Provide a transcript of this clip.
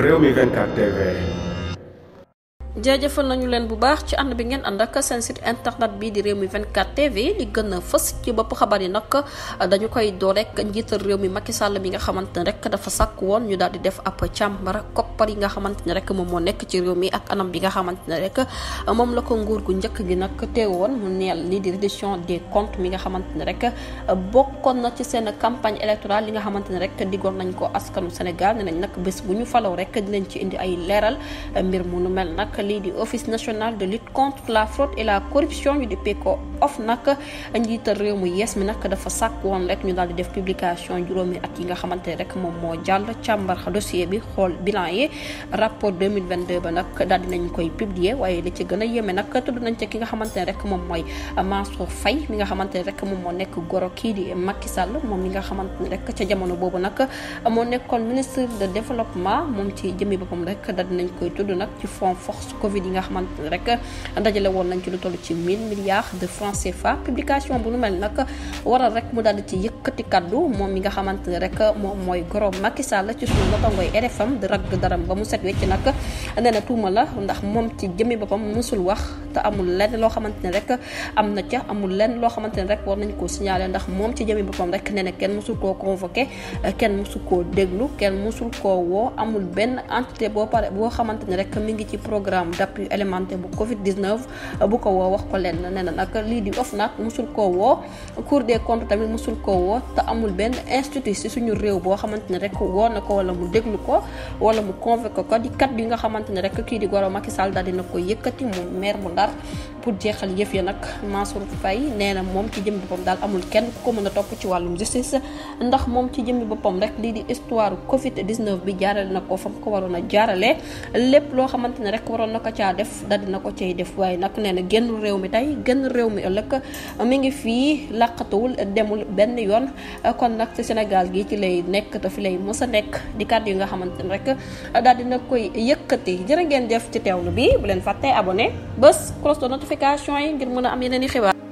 réew mi 24 TV jaajëfal nañu leen bu baax ci ànd bi ngeen ànd ak seen site internet bi di réew mi 24 TV li gën a fës ci bopp xabar yi nag dañu koy door rek njiital réew mi Macky Sall mi nga xamante ne rek dafa sàkk woon ñu daal di def ab càmbar koppar yi nga xamante ne rek moom moo nekk ci réew mi ak anam bi nga xamante ne rek moom la ko nguur gu njëkk gi nag teewoon mu neel li di reddition des comptes mi nga xamante ne rek bokkoon na ci seen campagne électorale li nga xamante ne rek digoon nañ ko askanu Sénégal ne nañ nag bés bu ñu falaw rek dinañ ci indi ay leeral mbir mu nu mel nag lii di office national de lutte contre la fraude et la corruption ñu dippee ko OFNAC njiital réew mu yees mi nag dafa sàkk woon rek ñu daal di def publication juróomi at yi nga xamante ne rek moom moo jàll càmbar dossier bi xool bilan yi rapport 2022 ba nag daal di koy publier waaye li ci gën a yéeme nag tudd nañ ci ki nga xamante ne rek moom mooy Mansour Faye mi nga xamante ne rek moom moo nekk goro kii di Macky Sall moom yi nga xamante ne rek ca jamono boobu nag moo nekkoon ministre de développement moom ci jëmi boppam rek daal di nañ koy tudd nag ci fond force Covid yi nga xamante ne rek dajale woon nañ ci lu toll ci 1000 milliards de francs CFA publication bu nu mel nag waral rek mu daal di ci yëkkati kaddu moom mi nga xamante rek moom ci la ndax moom ci jëmmi boppam musul wax te amul lenn loo xamante ne rek am na ca amul lenn loo xamante ne rek war nañ koo signaler ndax moom ci jëmmi boppam rek nee na kenn musul ko convoqué kenn musul ko déglu kenn musul koo woo amul benn entité boo pare boo xamante rek mi ngi ci programme programme d'appui alimentaire bu Covid 19 euh, bu ko woo wax ko lenn nee na nag lii di OFNAC mosul koo woo Cour des comptes tamit mosul koo woo te amul benn institut si suñu réew boo xamante rek na ko wala mu déglu ko wala mu convoqué ko bi nga xamante ne rek kii di Gora Macky Sall dina ko yëkkati mu maire bu Ndar pour jeexal yëf ya nag Mansour Faye nee na moom ci jëm boppam daal amul kenn ku ko mën a topp ci wàllum justice ndax moom ci jëmmi boppam rek lii di histoire Covid 19 bi jaarale na ko fam ko waroon a na ko caa def daal na ko cee def waaye nag nee na génn réew mi tey génn réew mi ëllëg mi ngi fii làqatuwul demul benn yoon kon nag ci Sénégal gi ci lay nekk te lay mos a nekk di kadd yi nga xamante ne rek daal na koy yëkkati jërë ngeen jëf ci teew teewlu bi bu leen fàttee abonné bés cloche de notification yi ngir mën a am yeneen yi xibaar.